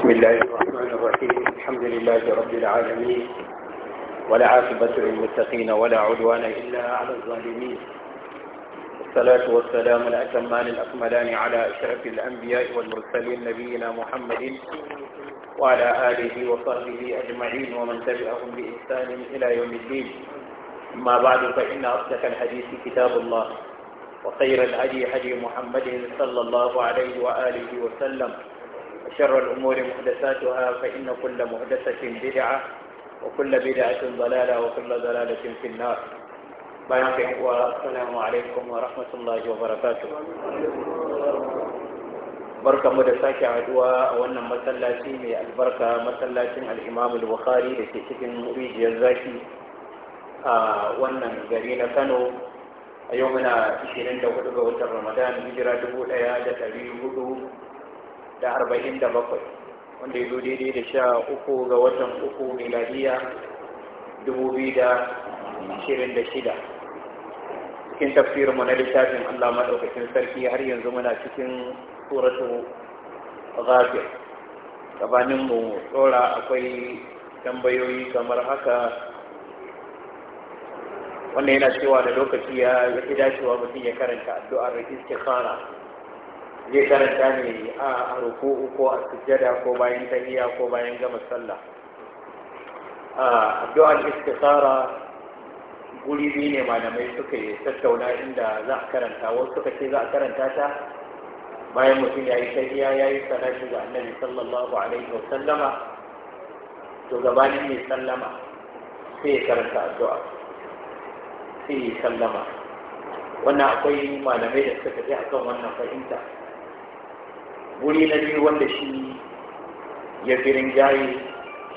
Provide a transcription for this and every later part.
بسم الله الرحمن الرحيم الحمد لله رب العالمين ولا عاقبة للمتقين ولا عدوان إلا على الظالمين الصلاة والسلام الأتمان الأكملان على أشرف الأنبياء والمرسلين نبينا محمد وعلى آله وصحبه أجمعين ومن تبعهم بإحسان إلى يوم الدين أما بعد فإن أصدق الحديث كتاب الله وخير الهدي هدي محمد صلى الله عليه وآله وسلم وشر الأمور محدثاتها فإن كل محدثة بدعة وكل بدعة ضلالة وكل ضلالة في النار بيان والسلام عليكم ورحمة الله وبركاته barka mu da sake haduwa a wannan masallaci mai albarka masallacin al'imam al da ke cikin rijiyar zaki a wannan gari na kano a yau da 24 ga watan ramadan hijira 1400 da arba'in da bakwai wanda ya zo daidai da sha uku ga watan uku miladiya dubu biyu da ashirin da shida cikin mu na littafin Allah maɗaukacin sarki har yanzu muna cikin suratu ghafir gabanin mu tsora akwai tambayoyi kamar haka wannan yana cewa da lokaci ya fi dacewa mutum ya karanta addu'ar istikhara zai karanta ne a ruku'u ko a sujjada ko bayan tahiyya ko bayan gama sallah addu'ar istikhara guri biyu ne malamai suka yi tattauna inda za a karanta wasu suka ce za a karanta ta bayan mutum ya yi tahiya ya yi salati ga annabi sallallahu alaihi wa sallama to gabanin mai sallama sai ya karanta addu'a sai ya sallama wannan akwai malamai da suka je akan wannan fahimta wuri na biyu wanda shi ya fi rinjaye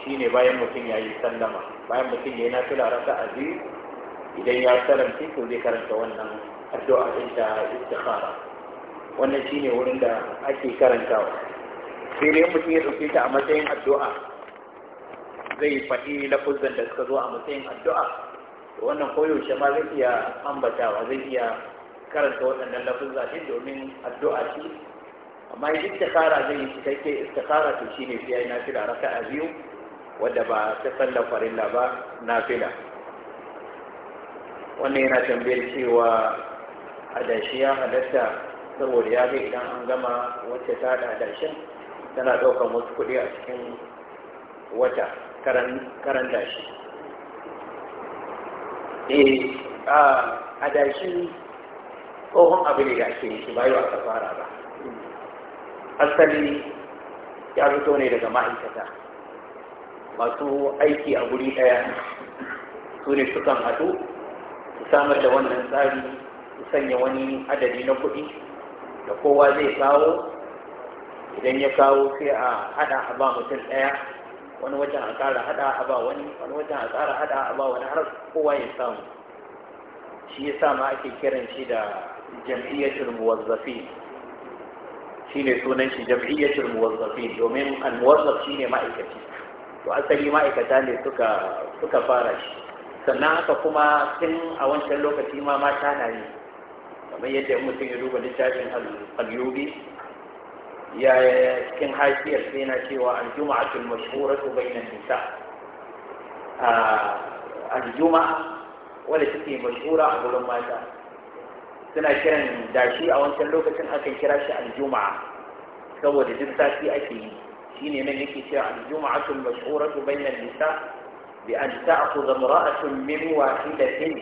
shi ne bayan mutum ya yi sallama bayan mutum ya yi nafila rasa a biyu idan ya salamce to zai karanta wannan addu'a din ta istikhara wannan shi ne wurin da ake karantawa sai dai mutum ya dauke ta a matsayin addu'a zai faɗi lafuzan da suka zo a matsayin addu'a wannan koyaushe ma zai iya ambatawa zai iya karanta waɗannan lafuzza domin addu'a ce amma yi istikara zai yi cikakke istikara to shine sai yayi nafila raka'a biyu wadda ba ta sallar farilla ba nafila wannan yana tambayar cewa adashi ya halatta saboda ya ga idan an gama wacce ta da adashin tana ɗaukar wasu kuɗi a cikin wata karan dashi eh a adashi tsohon abu ne da ake yi shi bayo a safara ba asali ya fito ne daga ma'aikata masu aiki a guri ɗaya su ne sukan haɗu su samar da wannan tsari su sanya wani adadi na kuɗi da kowa zai kawo idan ya kawo sai a haɗa a ba mutum ɗaya wani wajen a ƙara haɗa a ba wani wani wajen a ƙara haɗa a ba wani har kowa ya samu shi ya sa ma ake kiran shi da mu wazzafi shine sunan shi jam'iyyatul muwazzafin domin al-muwazzaf shine ma'aikaci to asali ma'aikata ne suka suka fara shi sannan haka kuma tun a wancan lokaci ma mata na yi kamar yadda mutum ya duba littafin al-yubi ya cikin hashiyar sai yana cewa al-juma'atul mashhuratu bainan nisa al ah, Aljuma wanda take mashhura a gurin mata suna kiran dashi a wancan lokacin akan kira shi aljuma'a saboda duk sati ake yi shine nan yake cewa aljuma'atul mashhuratu bainan nisa bi an ta'khudha imra'atun min wahidatin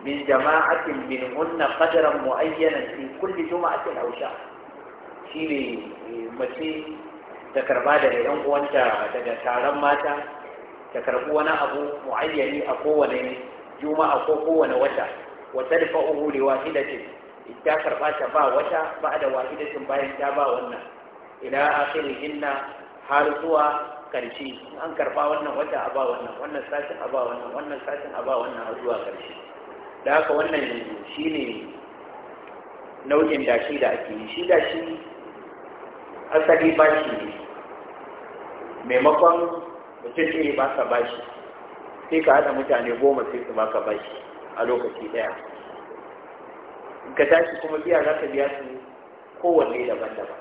min jama'atin minhunna qadaran mu'ayyanan fi kulli juma'atin aw sha shine eh, mace ta karba daga yan uwanta daga taron mata ta karbi wani abu mu'ayyani a kowane juma'a ko kowane wata wa tadfa'uhu li wahidatin ta karba ta ba wata ba da wahidatin bayan ta ba wannan ila akhirihinna har zuwa karshe in an karba wannan wata a ba wannan wannan sashin a ba wannan wannan sashin a ba wannan har zuwa karshe da haka wannan shine nau'in shi da ake yi shi dashi asali bashi ne maimakon mutum ɗaya ba ka bashi sai ka haɗa mutane goma sai su baka bashi a lokaci ɗaya ka tashi kuma biya za ka biya su kowanne daban-daban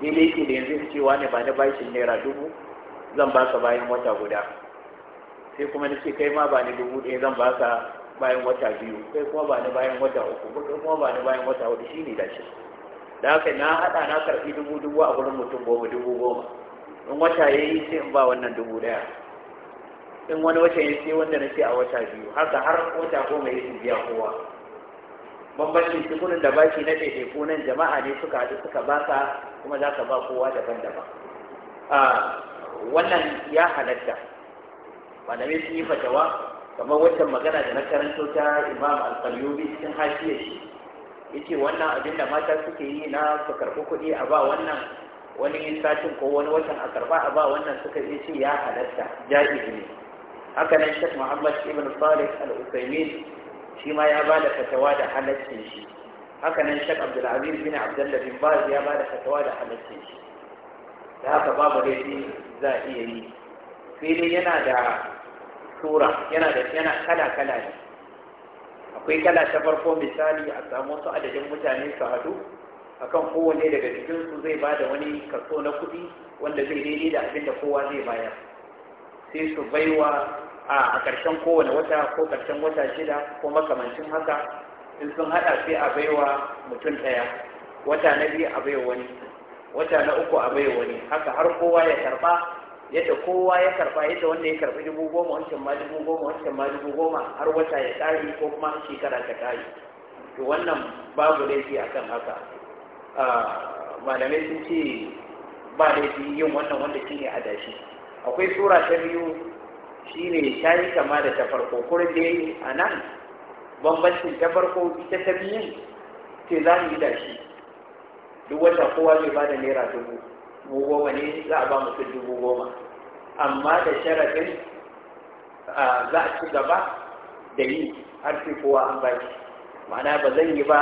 da yake da yanzu cewa ne ba na bashin naira dubu zan ba ka bayan wata guda sai kuma na ce kai ma ba ni dubu ɗaya zan ba ka bayan wata biyu kai kuma ba ni bayan wata uku kai kuma ba ni bayan wata hudu shi ne da shi da haka na haɗa na karɓi dubu dubu a gurin mutum goma dubu goma in wata ya yi sai in ba wannan dubu ɗaya in wani wata ya ce wanda na ce a wata biyu haka har wata goma ya su biya kowa bambancin tukunin da bashi na ɗaiɗaiku nan jama'a ne suka haɗu suka ba ka kuma za ka ba kowa daban-daban wannan ya halatta malamai mai yi fatawa kamar wancan magana da na karanto ta imam al-qalyubi cikin hashiya shi yace wannan abin da mata suke yi na su karɓi kuɗi a ba wannan wani satin ko wani watan a karɓa a ba wannan suka ce ya halatta ja'izi ne haka nan shek muhammad ibn salih al-usaimin shi ma ya ba da fatawa da halaccin shi haka nan shek abdulaziz bin abdullah bin baz ya ba da fatawa da halaccin shi da haka babu laifi za a iya yi fili yana da tura yana da yana kala kala ne akwai kala ta farko misali a samu su adadin mutane su haɗu akan kowanne daga cikinsu zai ba da wani kaso na kuɗi wanda zai daidai da abin da kowa zai bayar sai su baiwa a ƙarshen kowane wata ko ƙarshen wata shida ko makamancin haka in sun haɗa sai a baiwa mutum ɗaya wata na biyu a baiwa wani wata na uku a baiwa wani haka har kowa ya karɓa yadda kowa ya karɓa yadda wanda ya karɓi dubu goma wancan ma dubu goma wancan ma dubu goma har wata ya ƙari ko kuma shekara ta ƙari to wannan babu laifi a kan haka ah, malamai sun ce ba laifi yin wannan wanda shi ne adashi akwai sura ta biyu shine ta yi kama da ta farko kurin da yi a nan bambancin ta farko ita ta biyu ce za mu yi da shi duk wata kowa zai ba da naira dubu goma ne za a ba mutum dubu goma amma da sharaɗin za a ci gaba da yi har sai kowa an ba shi ma'ana ba zan yi ba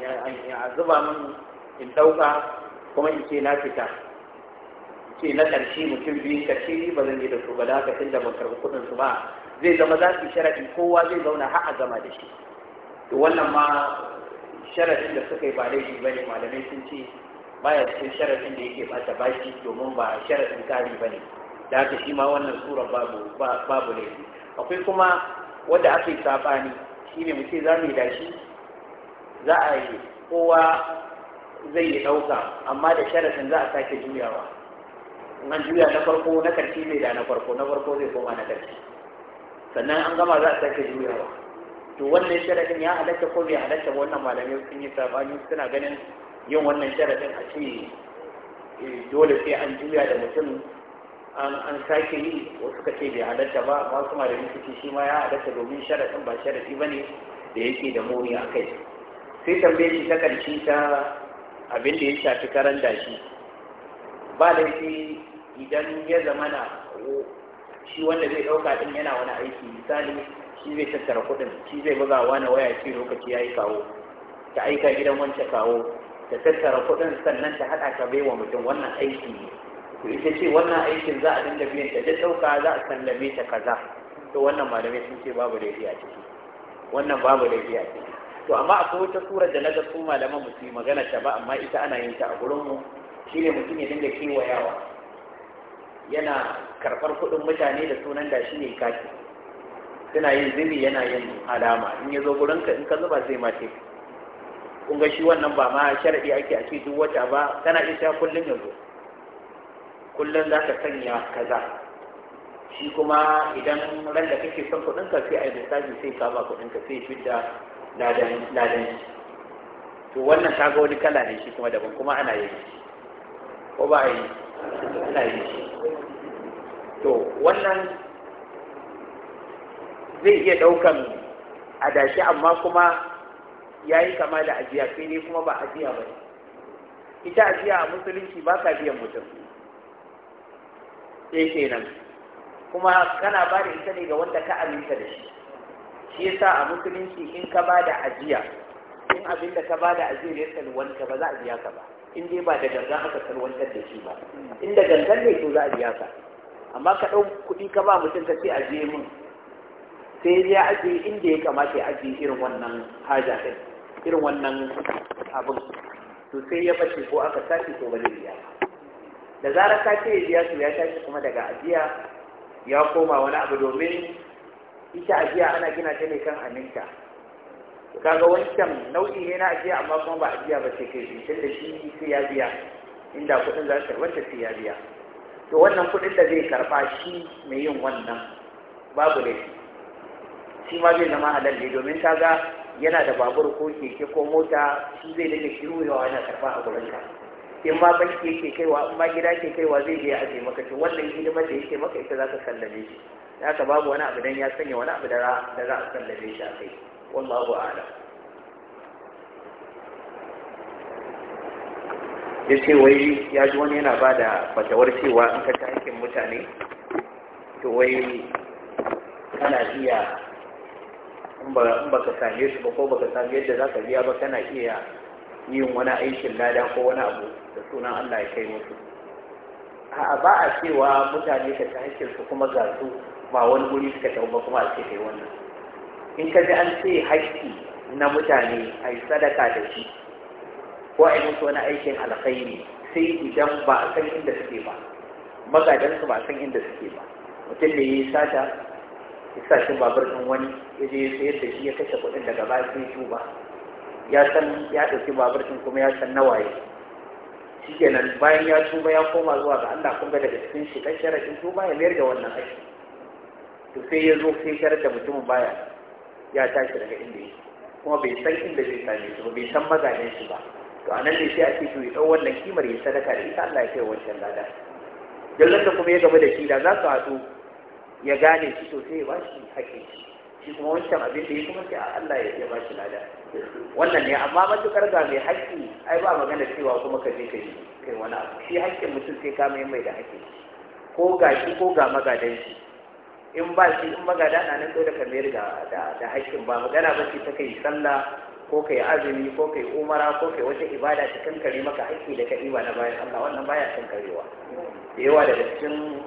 a zuba min in ɗauka kuma in ce na fita ce na ƙarshe mutum biyu ƙarshe ni ba zan yi da su ba da haka tunda ban karɓi kuɗin su ba zai zama za su sharaɗi kowa zai zauna har a zama da shi to wannan ma sharaɗin da suka yi ba laifi ba ne malamai sun ce baya cikin sharaɗin da yake ɓata baki domin ba sharaɗin kari ba ne da haka shi ma wannan tsoron babu laifi akwai kuma wanda aka yi saɓani shine mu ce za mu yi dashi za a yi kowa zai yi ɗauka amma da sharaɗin za a sake juyawa man juya na farko na karshe zai da na farko na farko zai koma na karshe sannan an gama za a sake juyawa to wannan sharadin ya halatta ko bai halatta wannan malamai sun yi sabani suna ganin yin wannan sharadin a ce eh, dole sai an juya da mutum an sake yi wasu ka ce bai halatta ba kuma malamai suke shi ma ya halatta domin sharadin ba sharadi ba ne da yake da muni a kai sai tambaye shi ta karshe ta abin da ya shafi karan dashi ba laifi idan ya zama na shi wanda zai ɗauka ɗin yana wani aiki misali shi zai tattara kuɗin shi zai buga wani waya ce lokaci ya yi kawo ta aika gidan wancan kawo ta tattara kuɗin sannan ta haɗa ta bai wa mutum wannan aiki ne to ita ce wannan aikin za a dinga biyan ta da ɗauka za a sallame ta kaza to wannan malamai sun ce babu laifi a ciki wannan babu laifi a ciki to amma akwai wata surar da na ga su malaman musu magana ta ba amma ita ana yin ta a gurinmu ne mutum ya dinga kewayawa yana karɓar kuɗin mutane da sunan da shi ne kaki suna yin zini yana yin alama in ya zo gurinka in ka zuba zai mace kun ga shi wannan ba ma sharaɗi ake a duk wata ba kana isa kullum yanzu kullum za ka sanya kaza shi kuma idan ran da kake son ka sai a yi misali sai ka ba kuɗinka sai da ladan to wannan ga wani kala ne shi kuma daban kuma ana yin shi. ko ba yi ana yin shi to wannan zai iya ɗaukan adashi amma kuma ya yi kama da ajiya sai dai kuma ba ajiya ba ita ajiya a musulunci ba ka biyan mutum sai nan. kuma kana ba da ita ne ga wanda ka aminta da shi shi yasa a musulunci in ka ba da ajiya in abin da ka ba da ajiya ya salwanta ba za a biya ka ba in dai ba da ganga aka tarwantar da shi ba inda da gangan ne to za a biya ka amma ka ɗau kuɗi ka ba mutum ka ce a je mun sai ya ajiye inda ya kamata ya ajiye irin wannan haja ɗin irin wannan abin to sai ya bace ko aka tashi ko bane biya da zarar ka ce ya biya to ya tashi kuma daga ajiya ya koma wani abu domin ita ajiya ana gina ta ne kan aminta kaga wancan nau'i ne na ajiya amma kuma ba ajiya ba ce kai tun da shi sai ya biya inda kuɗin za su karɓar sai ya biya to wannan kuɗin da zai karɓa shi mai yin wannan babu laifi shi ma zai zama halal ne domin kaga yana da babur ko keke ko mota shi zai dinga shiruwa yana karɓa a gurin ka in ma banki yake kaiwa in ma gida ke kaiwa zai je a aje maka to wannan hidimar da yake maka ita za ka sallame shi haka babu wani abu dan ya sanya wani abu da za a sallame shi a kai والله أعلم ya ce wai ya ji wani yana ba da fatawar cewa in ka aikin mutane to wai kana iya in ba ka same su ba ko ba ka same yadda za ka biya ba kana iya yin wani aikin lada ko wani abu da sunan Allah ya kai musu a ba a cewa mutane ka ta su kuma ga su ba wani guri suka tauba kuma a ce kai wannan in ka ji an ce haƙƙi na mutane a yi sadaka da shi ko a yi musu wani aikin alkhairi sai idan ba a san inda suke ba magadansu ba a san inda suke ba mutum da ya yi sata ya sa shi babur ɗin wani ya je sayar da shi ya kashe kuɗin daga ba sai ba ya san ya ɗauki babur ɗin kuma ya san nawaye nan bayan ya tuba ya koma zuwa ga Allah kun ga daga cikin shi kan sharaɗin tuba ya mayar da wannan aiki to sai ya zo sai sharar da mutumin baya ya tashi daga inda yake kuma bai san inda zai same shi ba bai san mazajen shi ba to anan ne sai ake to ya wannan kimar ya sadaka da ita Allah ya kai wancan lada dallan da kuma ya gaba da shi da za su haɗu ya gane shi to sai ya ba shi hakki shi kuma wancan abin da ya kuma sai Allah ya ba shi lada wannan ne amma matukar ga mai haƙƙi ai ba magana cewa kuma ka je kai kai wani abu shi haƙƙin mutum sai ka mai mai da haƙƙi ko ga shi ko ga magadan shi in ba shi in ba gada na nan da ka mayar da da haƙƙin ba magana ba ce ta kai sallah ko kai azumi ko kai umara ko kai wata ibada ta kankare maka haƙƙi da ka iba na bayan Allah wannan baya kankarewa da yawa daga cikin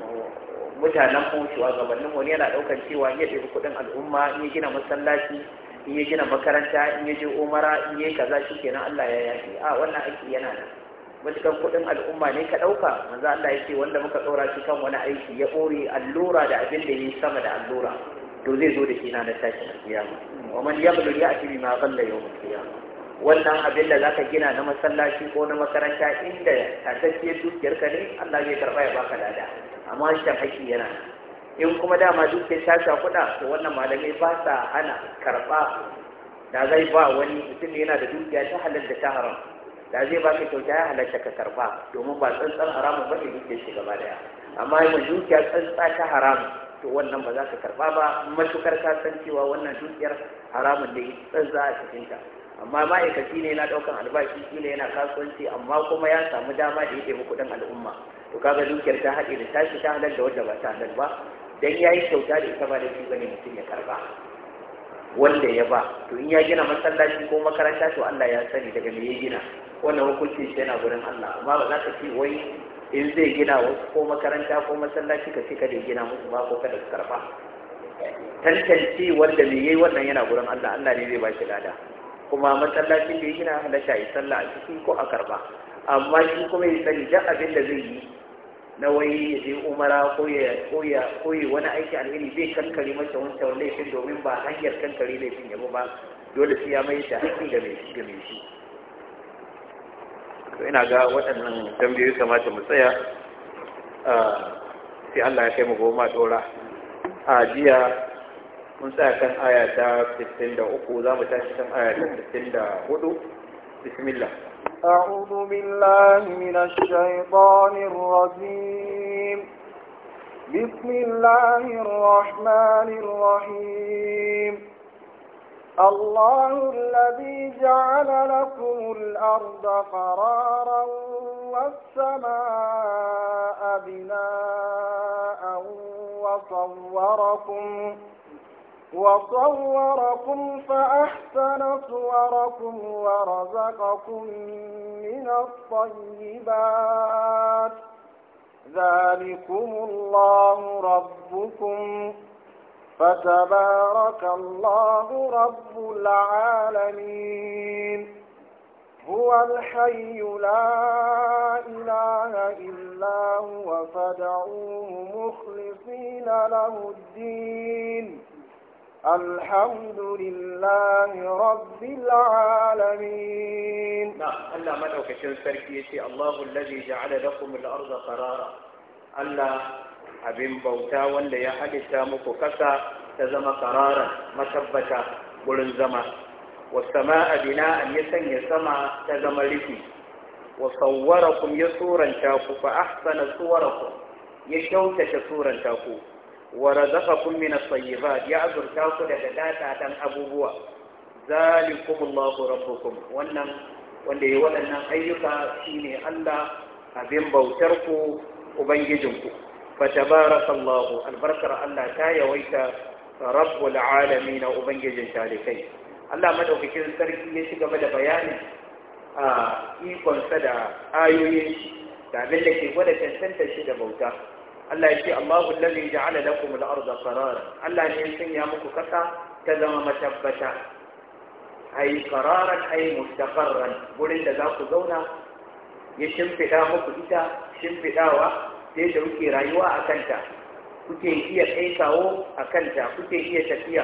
mutanen mu gabanin mu yana ɗaukan cewa ya ɗebi kuɗin al'umma in ya gina masallaci in ya gina makaranta in ya je umara in ya kaza kenan Allah ya yafi a wannan aiki yana nan matukan kuɗin al'umma ne ka ɗauka manzo Allah ya ce wanda muka tsora shi kan wani aiki ya ɓore allura da abin da ya sama da allura to zai zo da shi na da tashin alƙiyama wa man yablu ya'ti bima qalla yawm al-qiyama wannan abin da zaka gina na masallaci ko na makaranta inda tatacce dukiyar ka ne Allah zai karba ya baka lada amma shan haƙƙi yana in kuma dama dukiyar ta sha kuɗa to wannan malamai ba sa hana karɓa da zai ba wani mutum yana da dukiya ta halal da ta haram da zai ba shi kyauta ya halatta ka karba domin ba tsantsan haramun ba ne dukiyar shi gaba daya amma yin dukiya tsantsa ta haramun to wannan ba za ka karba ba matukar ka san cewa wannan dukiyar haramun da tsantsa a cikin cikinta amma ma'aikaci ne yana ɗaukan albashi shi ne yana kasuwanci amma kuma ya samu dama da ya taimaki kuɗin al'umma to kaga dukiyar ta haɗe da tashi ta halar da wadda ba ta halar ba dan yayi kyauta da ita ba da shi bane mutum ya karba wanda ya ba to in ya gina masallaci ko makaranta to Allah ya sani daga me ya gina wannan hukunci shi yana gurin Allah amma ba za ka ce wai in zai gina wasu ko makaranta ko masallaci ka ce da gina musu ba ko kada su karba tantance wanda me yayi wannan yana gurin Allah Allah ne zai ba shi lada kuma masallacin da ya gina halatta ya sallah a ciki ko a karba amma shi kuma ya sani duk abin da zai yi na wai ya umara koyi wani aiki alheri zai kankare masa wancan laifin domin ba hanyar kankare laifin yabo ba dole sai ya mai da haƙƙi ga mai shi ina ga waɗannan tambayoyi kamata mu tsaya ah, sai Allah ya kai mu goma dora a ah, jiya mun tsaya kan aya ta 63 za mu tashi kan aya ta 64 bismillah أعوذ بالله من الشيطان الرجيم بسم الله الرحمن الرحيم الله الذي جعل لكم الأرض قرارا والسماء بناء وصوركم وصوركم وصوركم فأحسن صوركم ورزقكم من الطيبات ذلكم الله ربكم فتبارك الله رب العالمين هو الحي لا إله إلا هو فدعوه مخلصين له الدين الحمد لله رب العالمين الله Allahu كشن سركيتي الله الذي جعل لكم الأرض قرارا الله abin bauta wanda ya halitta muku kasa ta zama kararan matabbata gurin zama wa sama abina an yi sanya sama ta zama rufi wa kum ya tsoron taku fa ahsana tsawwara kum ya kyautata suranta ku. wa razaqakum min at-tayyibat ya azurta ku daga dadadan abubuwa zalikumullahu rabbukum wannan wanda yi waɗannan ayyuka shine Allah abin bautar ku ubangijinku fatabarakallahu albarkar Allah ta yawaita rabbul alamin ubangijin talikai Allah madaukakin sarki ya ci gaba da bayanin a ikonsa da ayoyin da ke gwada cancanta da bauta Allah ya ce Allahu allazi ja'ala lakum al-ardha qarara Allah ne ya sanya muku kasa ta zama matabbata ai qararan ai mustaqarran gurin da za ku zauna ya shimfida muku ita shimfidawa sai da kuke rayuwa a kanta kuke iya kai kawo a kanta kuke iya tafiya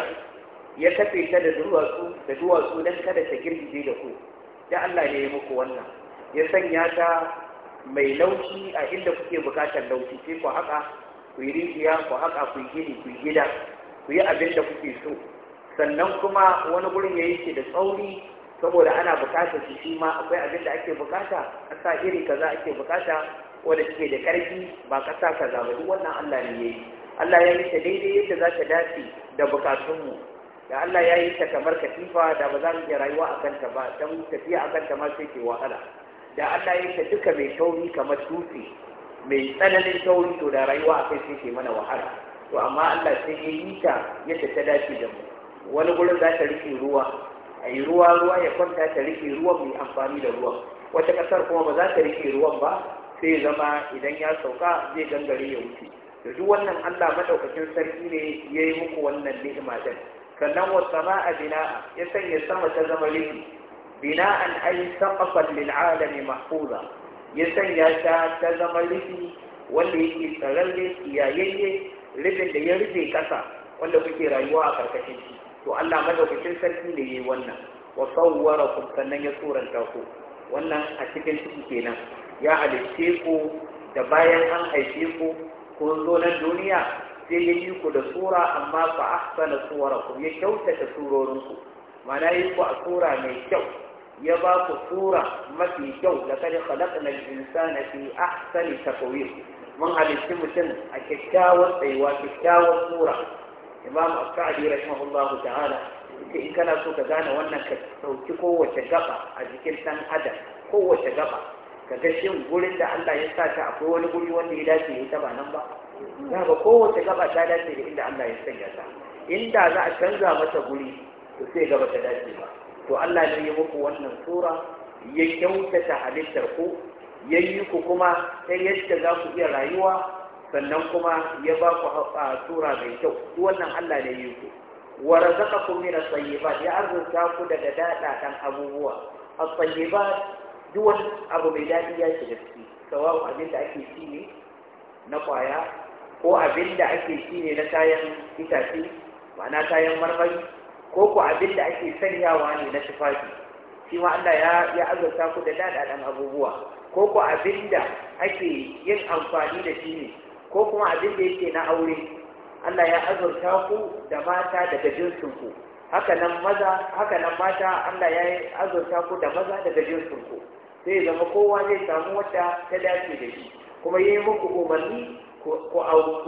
ya kafe ta da duwatsu da duwatsu don kada ta girgije da ku da Allah ne ya muku wannan ya sanya ta mai laushi a inda kuke bukatar laushi sai ku haƙa ku yi rijiya ku haƙa ku yi gini ku gida ku yi abin da kuke so sannan kuma wani gurin ya yi da tsauri saboda ana bukatar shi shi ma akwai abin da ake bukata sa iri kaza ake bukata wanda take da ƙarfi ba ƙasa kaza ba duk wannan Allah ne yayi Allah ya yi ta daidai yadda za ta dace da bukatunmu da Allah ya yi ta kamar katifa da ba za mu iya rayuwa a kanta ba don tafiya a kanta ma sai ke wahala da Allah ya ce duka mai tauri kamar tufi mai tsananin tauri to da rayuwa a kai sai mana wahala to amma Allah sai ya yi ta yadda ta dace da mu wani gurin za ta rike ruwa a yi ruwa ruwa ya kwanta ta rike ruwan mai amfani da ruwan wata ƙasar kuma ba za ta rike ruwan ba sai zama idan ya sauka zai gangare ya wuce da duk wannan Allah madaukakin sarki ne ya yi muku wannan ni'ima din sannan wasu sama'a bina'a ya sanya sama ta zama rufi bina'an ai saqafan lil alami mahfuza ya sanya ta ta zama rufi wanda yake tsararre kiyayayye rufin da ya rufe kasa wanda kuke rayuwa a karkashin shi to Allah madaukakin sarki ne yayi wannan wa sawwarakum sannan ya tsoranta ku wannan a cikin ciki kenan ya halicce ku da bayan an haife ku kun zo nan duniya sai ya yi ku da tsora amma fa ahsana suwarakum ya kyautata surorinku ma'ana yi ku a tsora mai kyau ya ba ku tura mafi kyau da kada na al-insana fi ta taqwim mun halitti mutum a kyakkyawar tsayuwa kyakkyawar tura imam as-sa'di rahimahullahu ta'ala yace in kana so ka gane wannan ka dauki kowace gaba a jikin dan adam kowace gaba ka ga shin gurin da Allah ya sa ta akwai wani guri wanda ya dace ya ta ba nan ba za ga kowace gaba ta dace da inda Allah ya sanya ta inda za a canza mata guri to sai gaba ta dace ba to Allah ne ya muku wannan sura ya kyautata halittar ku ya yi ku kuma ta yadda za ku iya rayuwa sannan kuma ya ba ku tura mai kyau duk wannan Allah ne ya yi ku wa razaqakum min at-tayyibat ya arzuta ku daga dadadan abubuwa at-tayyibat duk wani abu mai daɗi ya shiga ciki sawawu abin da ake ci ne na kwaya ko abinda ake ci ne na kayan itace ma'ana kayan marmari ko ku abin da ake sanyawa ne na tufafi shi ma Allah ya ya azurta ku da dadadan abubuwa ko ku abin da ake yin amfani da shi ne ko kuma abin da yake na aure Allah ya azurta ku da mata daga jinsin ku haka nan maza haka nan mata Allah ya azurta ku da maza daga jinsin ku sai zama kowa zai samu wata ta dace da shi kuma yi muku umarni ku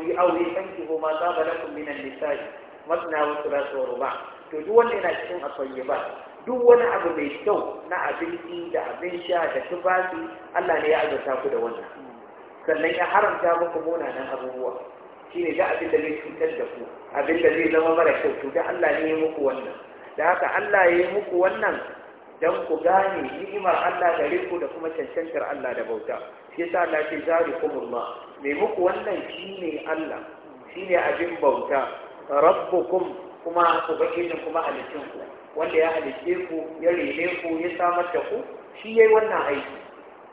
yi aure sanki ko ma zaba lakum minan nisa'i masna wa thulatha wa ruba to duk wanda yana cikin akwai ba. duk wani abu mai kyau na abinci da abin sha da tufafi Allah ne ya azurta ku da wannan sannan ya haramta muku munanan abubuwa shine ga abin da zai cutar da ku abin da zai zama mara kyau to da Allah ne ya muku wannan da haka Allah ya yi muku wannan Dan ku gane ni'imar Allah da ku da kuma cancantar Allah da bauta shi yasa Allah ce zalikumullah mai muku wannan shine Allah shine abin bauta rabbukum kuma ku ubangijin kuma halittun ku wanda ya halitte ku ya rene ku ya samar da ku shi yayi wannan aiki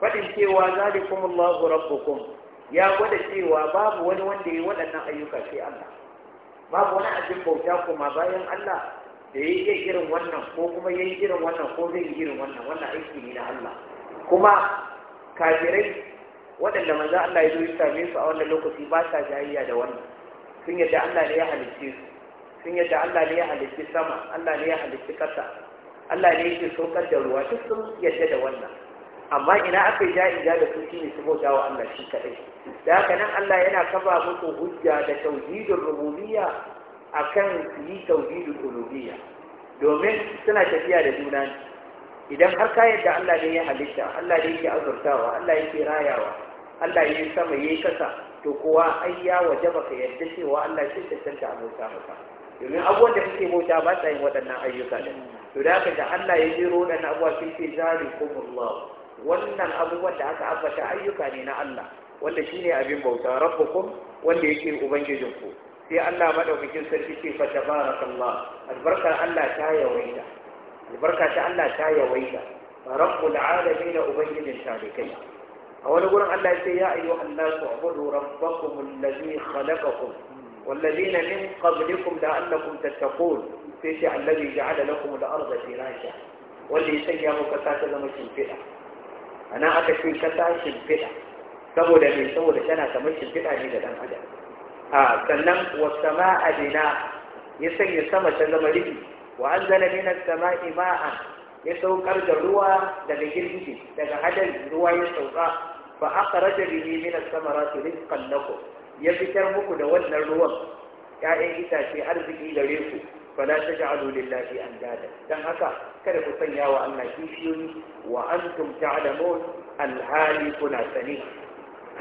faɗin cewa zalikum Allahu rabbukum ya gwada cewa babu wani wanda ya waɗannan ayyuka sai Allah babu wani abin bauta kuma bayan Allah da ya yi irin wannan ko kuma ya yi irin wannan ko zai yi irin wannan wannan aiki ne na Allah kuma kafirai waɗanda manzo Allah ya zo ya same su a wannan lokaci ba sa jayayya da wannan sun yadda Allah ne ya halicce su sun yadda Allah ne ya halicci sama Allah ne ya halicci ƙasa Allah ne yake saukar da ruwa duk sun yadda da wannan amma ina aka yi ja'ija da su shine su bauta wa Allah shi kaɗai da haka nan Allah yana kafa musu hujja da tauhidin rububiyya akan su yi tauhidin uluhiyya domin suna tafiya da juna idan har ka yadda Allah ne ya halitta Allah ne yake azurtawa Allah yake rayawa Allah ya yi sama ya yi kasa to kowa ai ya waje ka yadda cewa Allah shi cancanta a bauta maka domin abubuwan da kake bauta ba sa yin waɗannan ayyuka ne to da haka da Allah ya jero waɗannan abubuwa sun ce zalikumullah wannan abubuwan da aka ambata ayyuka ne na Allah wanda shine abin bauta rabbukum wanda yake ku. sai Allah madaukakin sarki ce fa tabarakallah albarkar Allah ta yawaita albarka ta Allah ta yawaita rabbul alamin ubangijin talikai a wani gurin Allah ya ce ya ayyu annasu ubudu rabbakum allazi khalaqakum wal ladina min qablikum la'allakum tattaqun sai shi allazi ja'ala lakum al-ardha firasha wanda ya sanya muku kasa ta zama shimfiɗa a nan aka ce kasa shimfiɗa saboda mai saboda tana kamar shimfiɗa ne ga ɗan adam a sannan wasu ma a ya sanya sama ta zama rufi wa an ya saukar da ruwa daga girgiji daga hadari ruwa ya sauka فأخرج به من الثمرات رزقا لكم يبتر مكد ودن الروم كائن إتا إيه في أرضك إلى ريكو فلا تجعلوا لله أندادا دم هكا كرب الطيا وأما تيشيوني وأنتم تعلمون الهالي كنا سني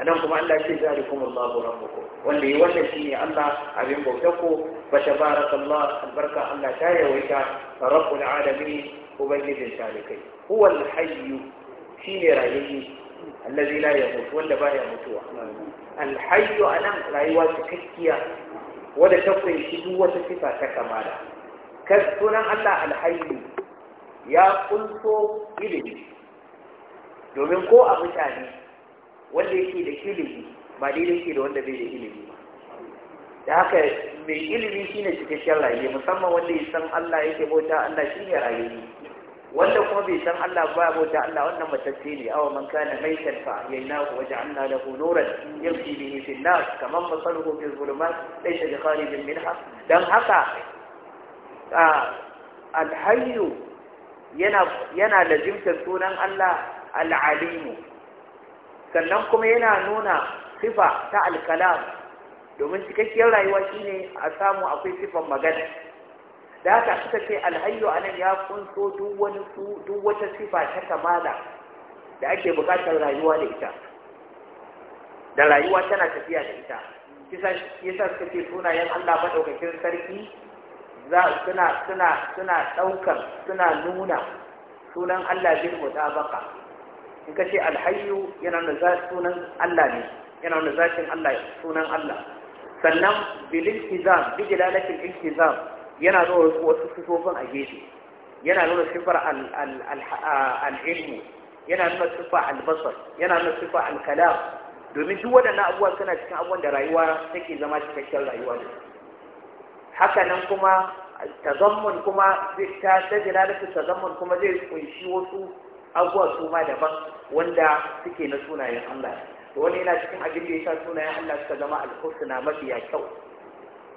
أنكم أن لا شيء ذلكم الله ربكم واللي يوشني الله أبين بوتكو فتبارك الله البركة أن لا تاية ويتا رب العالمين وبين ذلك هو الحي شيء رأيه allazi la mutu wanda baya mutuwa alhayyu nan rayuwa cikakkiya wadda ta kunshi duk wata sifa ta kamala kar sunan Allah alhayyu ya kunso ilimi domin ko a mutane wanda yake da ilimi ba daidai ke da wanda bai da ilimi ba da haka mai ilimi shine cikakken rayuwa, musamman wanda ya san Allah yake bauta Allah shine rayuwa. wanda kuma bai san Allah ba wata Allah wannan matacce ne awa man kana maitan fa yaynahu waja'alna lahu nuran yamshi bihi fil nas kaman masaluhu fil zulumat laysa bi kharijin minha dan haka al yana yana lazimta sunan Allah al-alim sannan kuma yana nuna sifa ta al-kalam domin cikakkiyar rayuwa shine a samu akwai sifan magana da haka suka ce alhayyu anan ya kunso duk wani duk wata sifa ta kamala da ake bukatar rayuwa da ita da rayuwa tana tafiya da ita yasa suka ce sunayen Allah maɗaukakin sarki za suna suna suna daukar suna nuna sunan Allah bil mutabaka in ka ce alhayyu yana da za sunan Allah ne yana da zakin Allah sunan Allah sannan bilin kizam bi jalalatil iltizam yana nuna wasu wasu sifofin a gefe yana nuna sifar al'ilmu yana nuna sifar albasar yana nuna sifar alkalam domin duk waɗannan abuwa suna cikin abubuwan da rayuwa take zama cikakken rayuwa ne haka nan kuma tazammun kuma ta tajira da zammun kuma zai kunshi wasu abubuwa su ma daban wanda suke na sunayen Allah to wani yana cikin abin da ya sa sunayen Allah suka zama alhusna mafiya kyau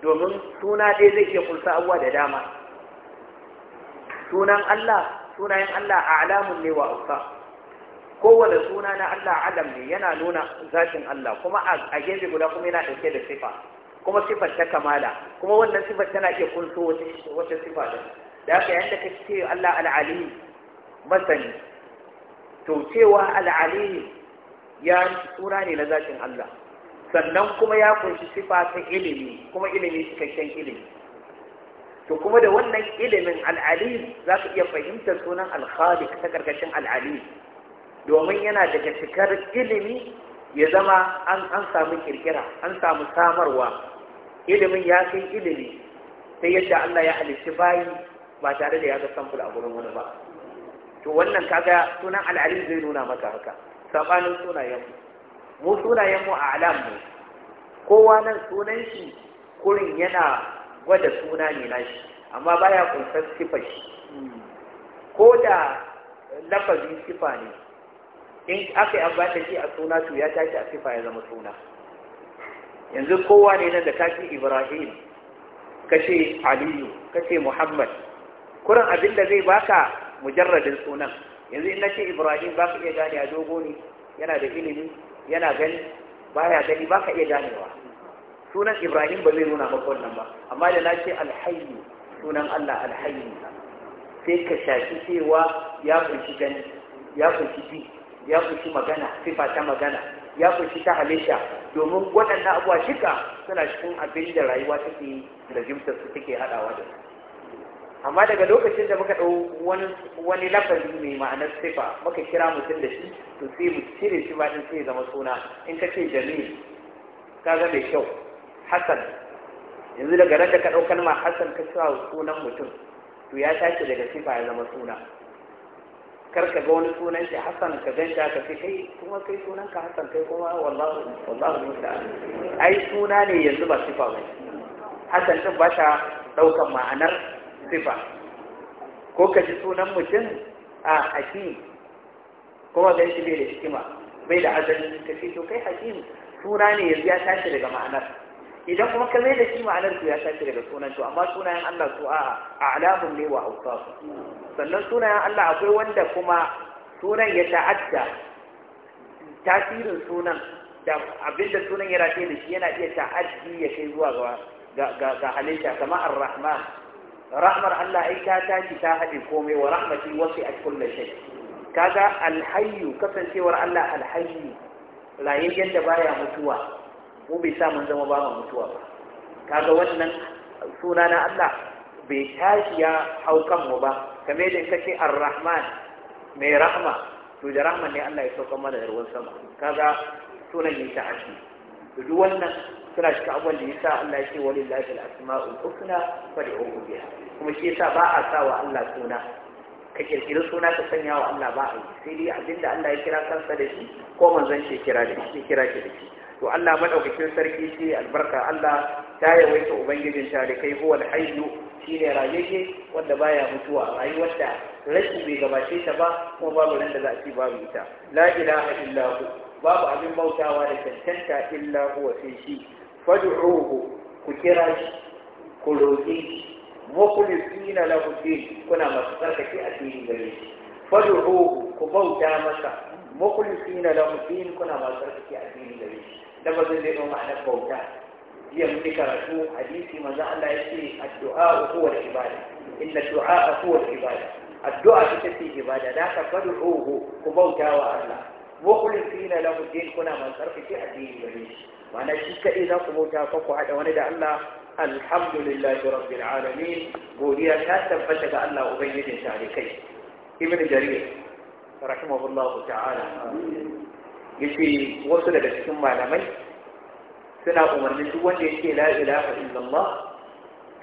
domin suna dai zai iya kulsa abuwa da dama sunan Allah sunayen Allah alamun ne wa usa kowane suna na Allah alam ne yana nuna zatin Allah kuma a gefe guda kuma yana ɗauke da sifa kuma sifar ta kamala kuma wannan sifar tana iya kunso wata sifa da da haka yadda ka ce Allah al'ali masani to cewa al'ali ya suna ne na zatin Allah sannan kuma ya kunshi sifa ta ilimi kuma ilimi cikakken ilimi to kuma da wannan ilimin al'alim za ka iya fahimtar sunan al-khaliq ta karkashin al'alim domin yana da cikar ilimi ya zama an samu kirkira an samu samarwa ilimin ya kai ilimi sai yadda Allah ya halitta bayi ba tare da ya ga sample a gurin wani ba to wannan kaga sunan al'alim zai nuna maka haka sabanin sunayen mu sunayen mu a alam mu. kowa nan sunan shi kurin yana gwada suna ne nashi amma baya kunsar sifa shi ko da lafazin sifa ne in aka yi abata shi a suna su ya tashi a sifa ya zama suna yanzu kowa ne nan da ce ibrahim kashe aliyu kashe muhammad kurin abin da zai baka mujarradin sunan yanzu in na ce ibrahim ba ka iya gane a dogo ne yana da ilimi yana gani ya gani ba ka iya ganewa sunan ibrahim ba zai nuna maka nan ba amma da na ce alhayyu sunan allah alhayyu sai ka shafi cewa ya kunshi gani ya kunshi ji ya kunshi magana sifa ta magana ya kunshi ta halitta domin waɗannan abuwa shika suna cikin abin da rayuwa take da jimtar su take haɗawa da su amma daga lokacin da muka ɗau wani lafazi mai ma'anar sifa muka kira mutum da shi to sai mu cire shi ba din sai zama suna in ka ce Jami, ka ga mai kyau hasan yanzu daga ran da ka ɗau kalma hasan ka sa sunan mutum to ya tashi daga sifa ya zama suna kar ka ga wani sunan shi hasan ka gan ka ce kai kuma kai sunan ka hasan kai kuma wallahi wallahi musta'an ai suna ne yanzu ba sifa ba hasan din ba ta ɗaukan ma'anar sifa ko ka ji sunan mutum a hakim kuma ga shi bai da hikima bai da azali ka ce to kai hakim suna ne yanzu ya tashi daga ma'anar idan kuma ka mai da shi ma'anar to ya tashi daga sunan to amma sunayen Allah su a a'lamun ne wa awsaf sannan sunayen Allah akwai wanda kuma sunan ya ta'adda tasirin sunan da abinda sunan ya rafe da shi yana iya ta'addi ya kai zuwa ga ga halitta kamar ar-rahman rahmar Allah ai ta tashi ta haɗe komai wa rahmati wasi a kulle shay kaga alhayyu kasancewar Allah alhayyu rayayyen da baya mutuwa mu bai sa mun zama ba mu mutuwa ba kaga wannan suna na Allah bai tashi ya hau mu ba kamar yadda kace ar mai rahma to da rahman ne Allah ya sauka mana da ruwan sama kaga sunan ne ta asiri da duk wannan suna cikin abubuwan da yasa Allah ya ce wani lafi al-asma'ul husna fa da uku biya kuma shi yasa ba a sa wa Allah suna ka kirkiri suna ka sanya wa Allah ba a yi sai dai abinda Allah ya kira kansa da shi ko manzon shi kira da shi kira shi da shi to Allah madaukakin sarki shi albarka Allah ta yawaita ubangijin talikai kai al-hayyu shine rayayye wanda baya mutuwa rayuwar da rashi bai gabace ta ba kuma babu nan da za a ci babu ita la ilaha illa hu باب عظيم موتى ولا تستنتى إلا هو في شيء فادعوه كتراش كلوتي مخلصين له الدين كنا مصدرك في أسير جليس فادعوه كموتى مسا مخلصين له الدين كنا مصدرك في أسير جليس لما ذلك معنى الموتى ذكر رسول حديث ما زعل يسير الدعاء هو العبادة إن الدعاء هو العبادة الدعاء تتفي عبادة لا تفرعوه كموتى وعلا mukhlisina lahu din kuna man fi addini gare shi ma'ana shi kadai za ku bauta ko ku hada wani da Allah alhamdulillahi rabbil alamin godiya ta tabbata ga Allah ubangijin tarikai ibn jarir rahimahullahu ta'ala yace wasu daga cikin malamai suna umarni duk wanda yake la ilaha illallah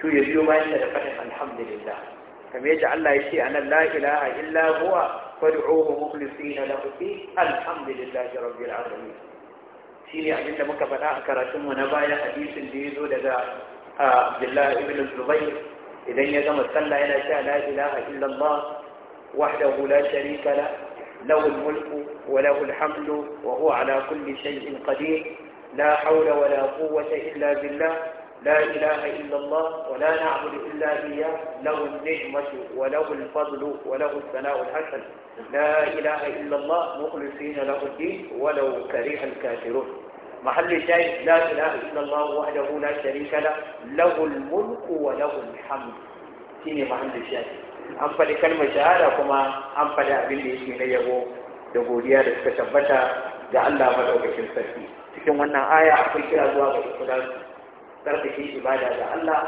to ya biyo bayan da fadin alhamdulillah kamar yadda Allah yake anan la ilaha illa huwa فادعوه مخلصين له فيه الحمد لله رب العالمين شيني يعني أن أنت مكبنا أنكر ثم نبايا حديث جيزو لدى آه، عبد الله بن الزبير إذا يزم السلة إلى شاء لا إله إلا الله وحده لا شريك له له الملك وله الحمد وهو على كل شيء قدير لا حول ولا قوة إلا بالله لا إله إلا الله ولا نعبد إلا إياه له النعمة وله الفضل وله الثناء الحسن لا إله إلا الله مخلصين له الدين ولو كريه الكافرون محل شيء لا إله إلا الله وحده لا شريك له له الملك وله الحمد في محل شيء أنفل كلمة شهادة كما أنفل أبن الله إسمه يقول يقول يا رسك شبتا جعل الله ملعوك في الفرسي تكلم أن آية أحفل كلا زواب الإسلام tsarkake ibada ga Allah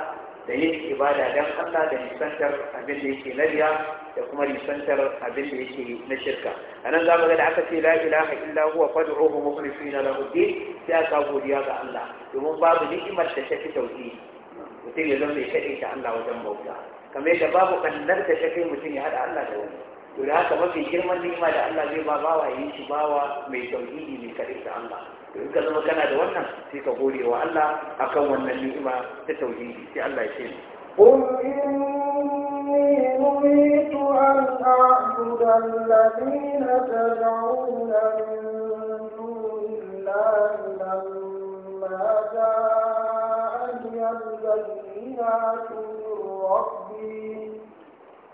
da yin ibada don Allah da nisantar abin da yake na riya da kuma nisantar abin da yake na shirka a nan za mu ga da aka ce la ilaha illa huwa fad'uhu mukhlisina lahu din sai aka godiya ga Allah domin babu ni'imar da ta fi mutum ya zama ya kaɗe ta Allah wajen bauta kamar yadda babu ɓannar da ta mutum ya haɗa Allah da wani to da haka mafi girman ni'ima da Allah zai ba bawa yi shi bawa mai tauhidi mai kaɗe ta Allah in ka zama kana da wannan sai ka gode wa Allah akan wannan ni'ima ta tauhidi sai Allah ya ce قل إني نهيت أن أعبد الذين تدعون من دون الله لما جاءني البينات من ربي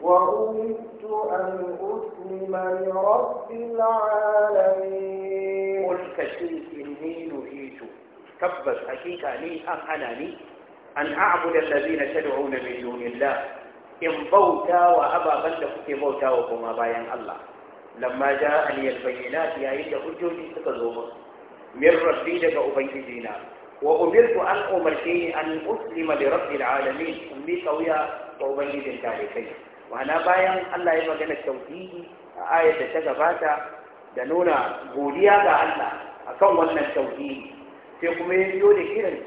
وأمرت أن أسلم لرب العالمين قل كشيء إني نهيت كبت حقيقة لي أم أنا لي أن أعبد الذين تدعون من دون الله إن بوتا وأبا بند في بوتا وكما بايان الله لما جاءني البينات يا إيد حجوني تكذوب من ربي لك دينا وأمرت أن أمرتي أن أسلم لرب العالمين أمي قوية وأبيد التاريخين ma'ana bayan Allah ya magana tauhidi a ayar da ta gabata da nuna godiya ga Allah akan wannan tauhidi sai kuma ya biyo da irin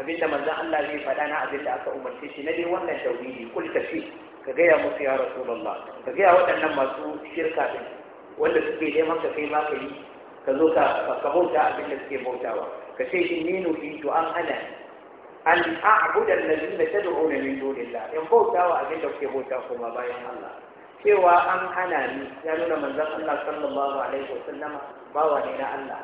abinda manzon Allah zai faɗa na abinda aka umarce shi na dai wannan tauhidi kul tafi ka gaya musu ya rasulullah ka gaya waɗannan masu shirka din wanda suke neman ka kai makali ka zo ka bauta abinda suke bautawa ka ce nufi to an hana an a'budu allazina tad'una min dunillah in bauta wa abin da kuke bauta kuma bayan Allah cewa an hana ni ya nuna manzon Allah sallallahu alaihi wasallama bawa ne na Allah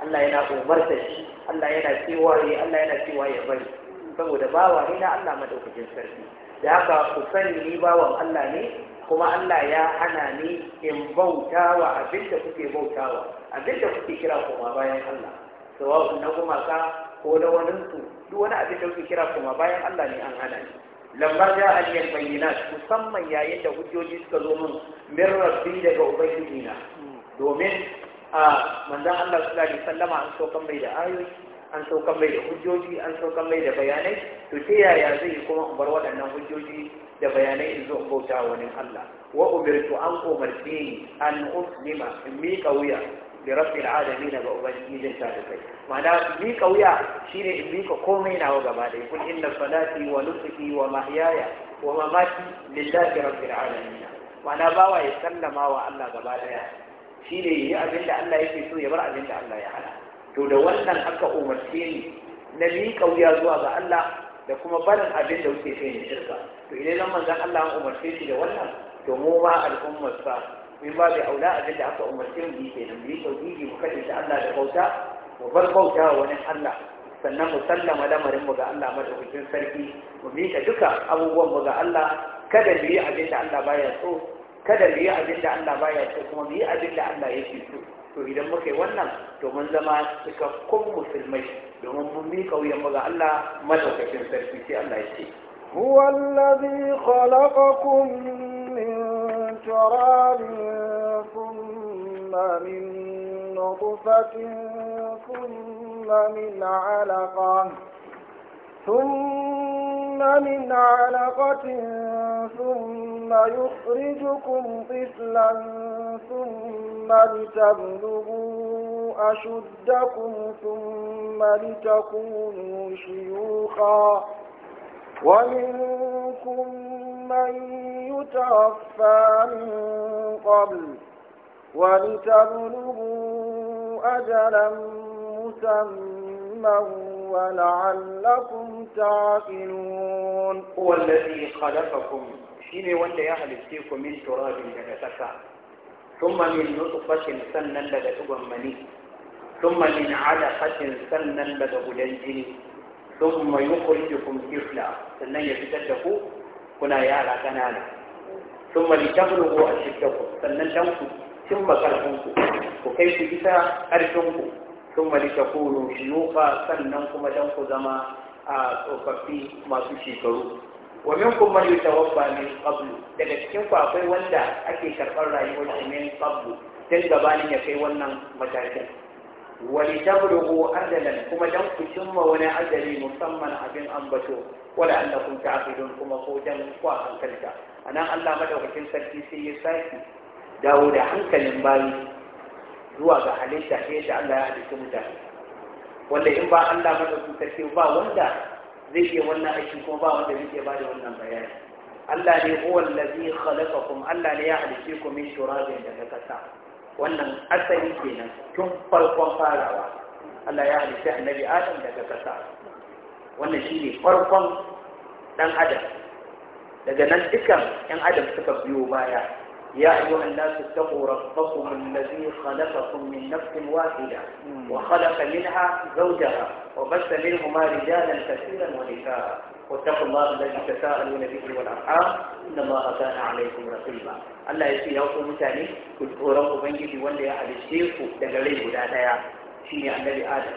Allah yana umarta shi Allah yana cewa ya Allah yana cewa ya bari saboda bawa ne na Allah madaukakin sarki da haka ku sani ni bawan Allah ne kuma Allah ya hana ni in wa abin da kuke bautawa abin da kuke kira kuma bayan Allah sawa'un na gumaka ko na wani su duk wani abin da suke kira kuma bayan Allah ne an hana shi lamma ja aliyal musamman yayin da hujjoji suka zo min min rabbi daga ubangiji na domin a manzon Allah sallallahu alaihi wasallama an saukan mai da ayoyi an saukan mai da hujjoji an saukan mai da bayanai to ta yaya zai yi kuma in bar waɗannan hujjoji da bayanai in zo in bauta wani Allah wa umirtu an umarce an uslima in miƙa wuya bi rabbil alamin ga ubangijin kai. ma'ana bi kauya shine in bi ka komai nawa gaba da kun inna salati wa nusuki wa mahyaya wa mamati lillahi rabbil alamin ma'ana bawa ya sallama wa Allah gaba daya shine yi abin da Allah yake so ya bar abin da Allah ya hana to da wannan aka umarce ni na bi kauya zuwa ga Allah da kuma barin abin da kuke so ne shirka to idan manzon Allah ya umarce shi da wannan to mu ma al'ummarsa min ba bai aula abin da aka umarci mu yi nan, mu yi tauhidi mu kace ta Allah da bauta mu bar bauta wa wani Allah sannan mu sallama lamarin mu ga Allah madaukakin sarki mu miƙa duka abubuwan mu ga Allah kada mu yi abin da Allah baya so kada mu yi abin da Allah baya so kuma mu yi abin da Allah yake so to idan muka yi wannan to mun zama cikakkun musulmai domin mun miƙa wuyan mu ga Allah madaukakin sarki sai Allah ya ce huwa allazi khalaqakum min تراب ثم من نطفة ثم من علقة ثم من علقة ثم يخرجكم طفلا ثم لتبلغوا أشدكم ثم لتكونوا شيوخا ومنكم من يتوفى من قبل ولتبلغوا أجلا مسمى ولعلكم تعقلون هو الذي خلقكم حين وانت يحل فيكم من تراب لنتفع ثم من نطفة سنا لدى لتبمني ثم من علقة سنا لدى لتبلنجني ثم يخرجكم طفلا سنا يتدفوا kuna yara kanana sun mali tablugu a shiddaku sannan dan ku cin ku kai ku bisa ƙarfin ku sun mali takunu shuyuka sannan kuma dan ku zama a tsofaffi masu shekaru wa minkum ta wabba min qablu daga cikin ku akwai wanda ake karɓar rayuwar shi min qablu dan gabanin ya kai wannan matakin wani tabrugu ajalan kuma dan ku cimma wani ajali musamman abin ambato wala allakum ta'qilun kuma ko dan ku hankalta anan Allah madaukakin sarki sai ya saki dawo da hankalin bayi zuwa ga halitta sai da Allah ya halitta mutane wanda in ba Allah madaukakin sarki ba wanda zai ke wannan aiki ko ba wanda zai ke bada wannan bayani Allah ne huwa allazi khalaqakum Allah ne ya halicce ku min shurabin daga kasa wannan asali kenan tun farkon farawa Allah ya halitta annabi Adam daga kasa wannan shine farkon dan Adam daga nan dukan ɗan Adam suka biyo baya ya ayu taqu أيها allazi khalaqakum min الذي wahida wa khalaqa minha zawjaha wa زوجها وبث rijalan رجالا wa nisaa واتقوا الله الذي تساءلون به والأرحام إن الله كان عليكم رقيبا الله يسي يوكو متاني كل قرآن ya ولا يحدثيك دقليه لا دايا شيني النبي آدم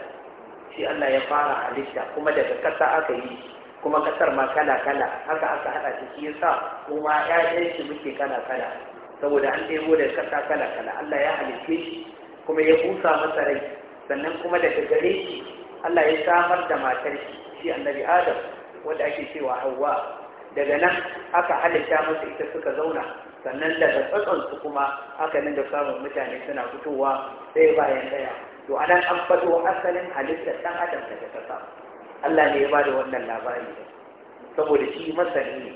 شي الله يفعل عليك كما دكتا أكيد kuma kasar ma kala kala haka aka hada ta shi yasa kuma ƴaƴan shi muke kala kala saboda an ɗebo daga kasa kala kala Allah ya halice shi kuma ya busa masa rai sannan kuma daga gare shi Allah ya samar da matar shi shi annabi Adam wanda ake cewa hawa daga nan aka halitta musu ita suka zauna sannan daga su kuma aka nan da samun mutane suna fitowa sai bayan daya to anan an fado asalin halittar dan adam daga kasa Allah ne ya ba da wannan labari saboda shi masani ne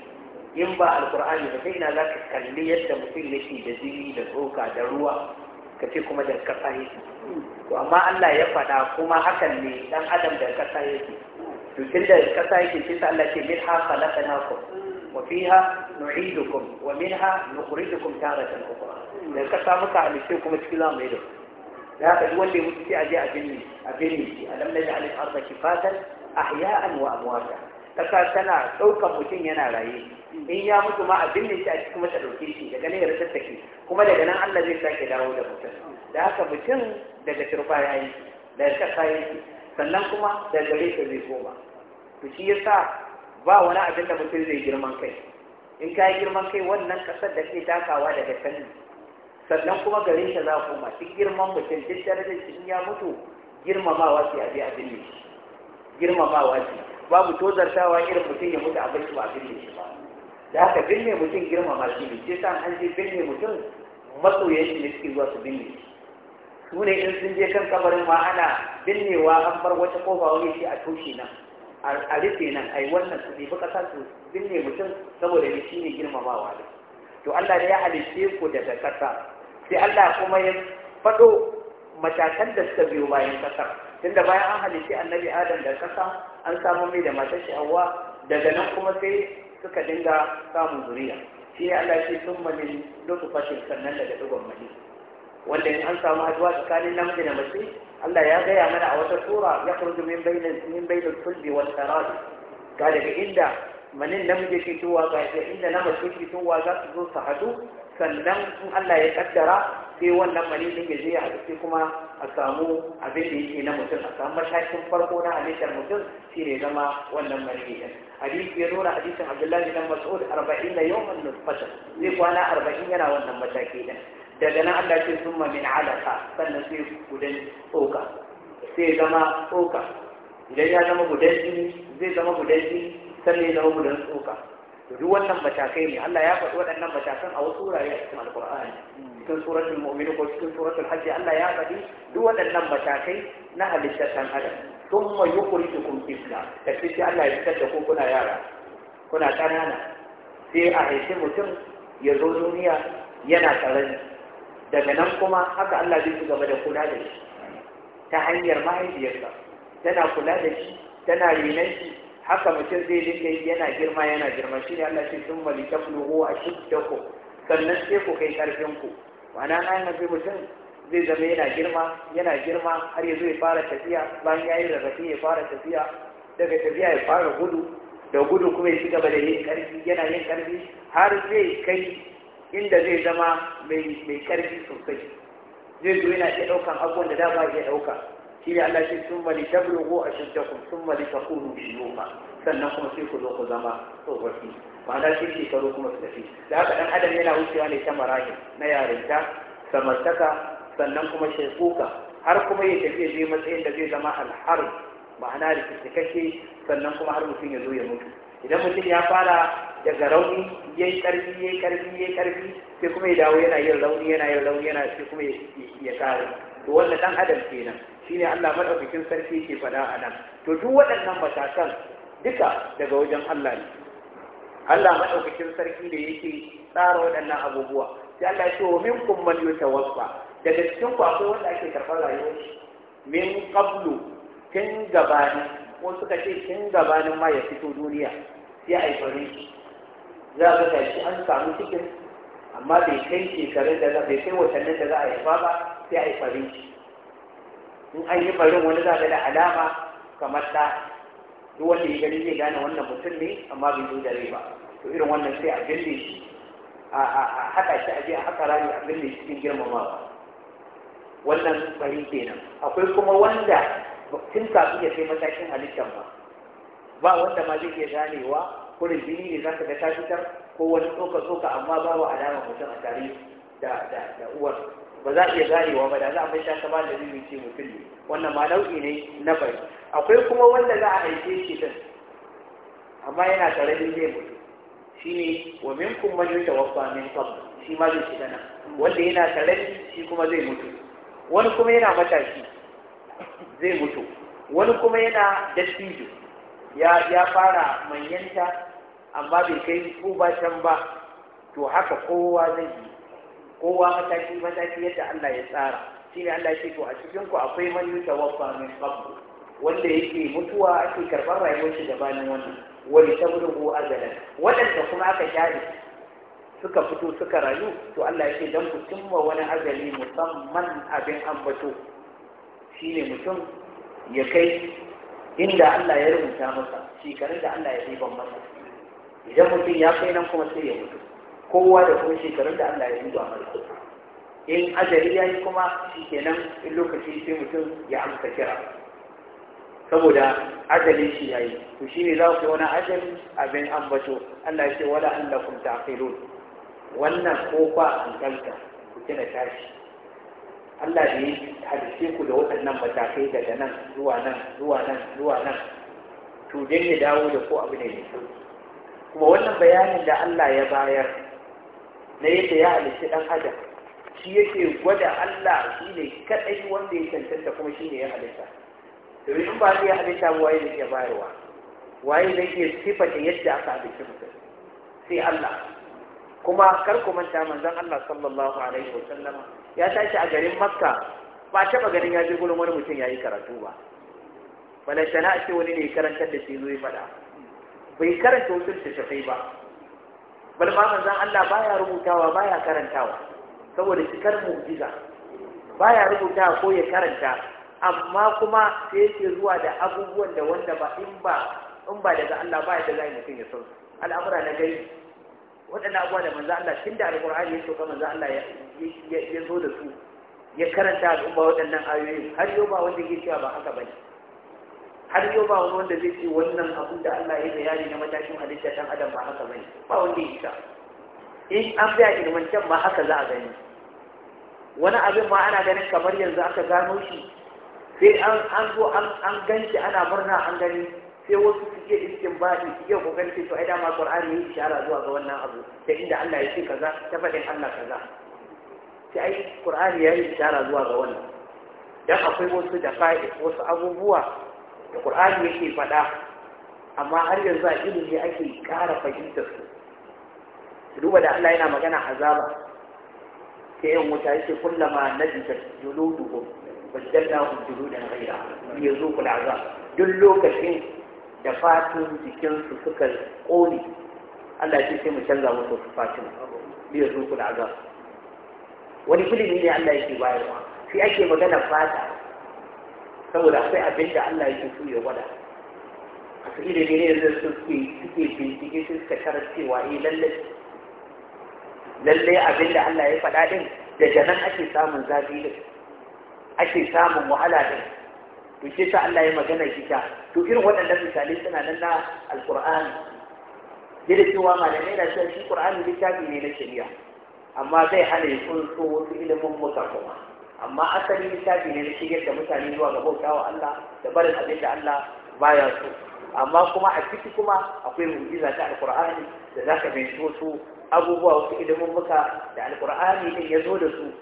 in ba alkur'ani ba kai na za ka kalli yadda mutum yake da jini da tsoka da ruwa ka ce kuma da kasa yake to amma Allah ya faɗa kuma hakan ne dan adam da kasa yake to tunda kasa yake ce ta Allah ce minha khalaqnakum wa fiha nu'idukum wa minha nukhrijukum taratan ukhra da kasa muka halice kuma cikin zamu yi da da haka duk wanda ya mutu sai a je a binne a binne alam naj'al al-ardha kifatan ahya'an wa amwata kasa tana ɗaukar mutum yana raye in ya mutu ma a binne shi a cikin mata ɗauke shi daga nan ya rasa kuma daga nan Allah zai sake dawo da mutum da haka mutum daga turfa yayi daga kasa yake sannan kuma da gare ka zai koma to shi yasa ba wani abin da mutum zai girman kai in ka yi girman kai wannan kasar da ke takawa daga sani sannan kuma gare ka za koma duk girman mutum duk darajar shi ya mutu girmamawa a bi abin ne girmamawa ce babu tozartawa irin mutum ya mutu abin shi ba abin ne shi ba da haka binne mutum girmama shi ne sai sa an je binne mutum masoyan shi ne suke zuwa su binne shi su ne in sun je kan kabarin ma ana binnewa an bar wata kofa wani shi a toshe nan a rufe nan ai wannan su ɗibi ƙasa su binne mutum saboda ne shi ne girmamawa ne to Allah ne ya halitte ku daga ƙasa sai Allah kuma ya faɗo matakan da suka biyo bayan ƙasa tunda bayan an halitte annabi Adam da ƙasa an samu mai da matar shi Hawwa daga nan kuma sai suka dinga samun zuriya shi ne Allah ya ce sun mani lokacin sannan daga dugon mani wanda in an samu haduwa tsakanin namiji da mace Allah ya gaya mana a wata tura ya kurdu min bainal min bainal kulbi wal tarad ga daga inda manin namiji ke tuwa ga inda na mace ke tuwa za su zo su hadu sannan in Allah ya kaddara sai wannan mani din ya je ya hadu sai kuma a samu abin da yake na mutum a samu matakin farko na halittar mutum shi ne zama wannan mani din hadisi ya nuna hadisin Abdullahi dan Mas'ud 40 yawman nutfata zai kwana 40 yana wannan mataki din daga nan Allah ce sun mamin alaka sannan sai gudan tsoka sai zama tsoka idan ya zama gudan jini zai zama gudan jini sannan ya zama gudan tsoka duk wannan matakai ne Allah ya faɗi waɗannan matakan a wasu wurare a cikin alƙur'ani cikin suratul mu'minu ko cikin suratul hajji Allah ya faɗi duk waɗannan matakai na halittar ɗan adam kun يخرجكم Tafi تكفي Allah ya fitar da ku kuna yara kuna ƙanana sai a haifi mutum ya zo duniya yana ƙarami daga nan kuma haka Allah zai ci gaba da kula da shi ta hanyar mahaifiyarsa tana kula da shi tana renon shi haka mutum zai dinga yi yana girma yana girma shi ne Allah ce sun mali ta a ku sannan sai ku kai karfin ku ma'ana an fi mutum zai zama yana girma yana girma har yanzu ya fara tafiya bayan ya yi rarrafe ya fara tafiya daga tafiya ya fara gudu da gudu kuma ya ci gaba da yin karfi yana yin karfi har zai kai inda zai zama mai karfi sosai zai zo yana iya ɗaukan abubuwan da dama iya ɗauka shi ne Allah shi sun mali tablugo a kun sun mali ta shi shiyuka sannan kuma sai ku zo ku zama tsofaffi ma'ana shi karo kuma su tafi da haka ɗan adam yana wucewa ne ta marahi na yarinta samartaka sannan kuma shekuka har kuma ya tafi ya je matsayin da zai zama alhar ma'ana da sannan kuma har mutum ya zo ya mutu idan mutum ya fara daga rauni yayi karfi yayi karfi yayi karfi sai kuma ya dawo yana yin rauni yana yin rauni yana sai kuma ya kare to wannan dan adam kenan shine Allah madaukakin sarki yake faɗa a nan to duk waɗannan matakan duka daga wajen Allah ne Allah madaukakin sarki da yake tsara waɗannan abubuwa sai Allah ya ce wa minkum man yutawaffa daga cikin ku akwai wanda ake karɓar rayuwar min qablu tun gabanin ko suka ce tun gabanin ma ya fito duniya ya haifari za a ga shi an samu cikin amma bai kai shekarun da bai kai watannin da za a haifa ba sai a haifari shi in an yi farin wani za ga da alama kamar da duk wanda ya gani zai gane wannan mutum ne amma bai zo da rai ba to irin wannan sai a binne shi a haka shi a je a haka rami a binne shi cikin girmamawa wannan fari kenan akwai kuma wanda tun kafin ya kai matakin halittar ba ba wanda ma zai iya ganewa kurin jini ne za ka ga ta fitar ko wani tsoka tsoka amma ba wa alama mutum a tare da da uwar ba za a iya ganewa ba da za a mai ta ba da zai ce mutum ne wannan ma nau'i ne na bai akwai kuma wanda za a aike shi din amma yana tare da zai mutu Shi ne wa minkum ta yatawaffa min qabl shi ma zai shiga nan wanda yana tare shi kuma zai mutu wani kuma yana matashi zai mutu wani kuma yana dattijo ya fara manyanta amma bai kai ko ba can ba to haka kowa zai yi kowa mataki mataki yadda Allah ya tsara ne Allah ya ce to a cikin ku akwai man wafa min qabl wanda yake mutuwa ake karban rayuwar shi gabanin wannan wani ta bulgu ajalan waɗanda kuma aka shari suka fito suka rayu to Allah yake dan ku cimma wani azali musamman abin ambato shine mutum ya kai inda Allah ya rubuta masa shekarun da Allah ya ɗiban masa idan mutum ya kai nan kuma sai ya mutu kowa da kuma shekarun da Allah ya duba masa in ajali ya yi kuma shi kenan in lokaci sai mutum ya amsa kira saboda ajali shi ya yi to shi ne za ku yi wani ajali abin ambato Allah ya ce wala kun ta'qilun wannan kofa an kanta ku kina tashi Allah da ya halice ku da waɗannan matakai daga nan zuwa nan zuwa nan zuwa nan to dan ya dawo da ko abu ne kuma wannan bayanin da Allah ya bayar na yadda ya halice dan adam shi yake gwada Allah shi ne kaɗai wanda ya cancanta kuma shi ne ya halitta to in ba zai halitta waye zai iya bayarwa waye zai ke sifata yadda aka halitta mutum sai Allah kuma kar ku manta manzon Allah sallallahu alaihi wa sallama ya tashi a garin makka ba taɓa ganin ya je gurin wani mutum ya yi karatu ba balantana a ce wani ne karantar da shi zai fada bai karanta wasu littattafai ba bal ma manzon Allah baya rubutawa baya karantawa saboda cikar mu'jiza baya rubutawa ko ya karanta amma kuma sai yake zuwa da abubuwan da wanda ba in ba in ba daga Allah ba ya da zai mutum ya san al'amura na gari waɗanda abuwa da manzan Allah tun da alƙur'ani ya soka manzan Allah ya zo da su ya karanta al'umma waɗannan ayoyin har yau ba wanda ke cewa ba haka bane har yau ba wani wanda zai ce wannan abun da Allah ya bayani na matashin halitta ɗan adam ba haka bane ba wanda ya isa in an biya can ba haka za a gani wani abin ma ana ganin kamar yanzu aka gano shi sai an zo an ganci ana murna an gani sai wasu su je iskin baɗi su yi kokari ce to ai dama qur'ani ya ishara zuwa ga wannan abu da inda Allah ya ce kaza ta faɗin Allah kaza sai ai qur'ani ya yi ishara zuwa ga wannan dan akwai wasu da fa'i wasu abubuwa da qur'ani yake faɗa amma har yanzu a ilimi ake ƙara fahimtar su duba da Allah yana magana azaba sai yan wuta yake kullama najida juluduhum wajjalnahum juludan ghayra liyazuqu al'azab duk lokacin da fatun jikinsu suka ƙone Allah shi sai mu canza musu su fatun biyu su kula azab wani ilimi ne Allah yake bayarwa shi ake magana fata saboda akwai abin da Allah yake so ya gwada a su ilimi ne da suke suke bincike su suka tarar cewa eh lalle lalle abin da Allah ya faɗa din daga nan ake samun zafi din ake samun wahala din to shi Allah ya magana shi ta to irin waɗannan misalai suna nan na alqur'ani da cewa malamai na cewa shi qur'ani littafi ne na shari'a amma zai hana ya kunso wasu ilimin mota kuma amma asali littafi ne na shigar da mutane zuwa ga wa Allah da barin abin da Allah baya so amma kuma a ciki kuma akwai mu'jiza ta alqur'ani da zaka bincike wasu abubuwa wasu ilimin muka da alqur'ani din ya zo da su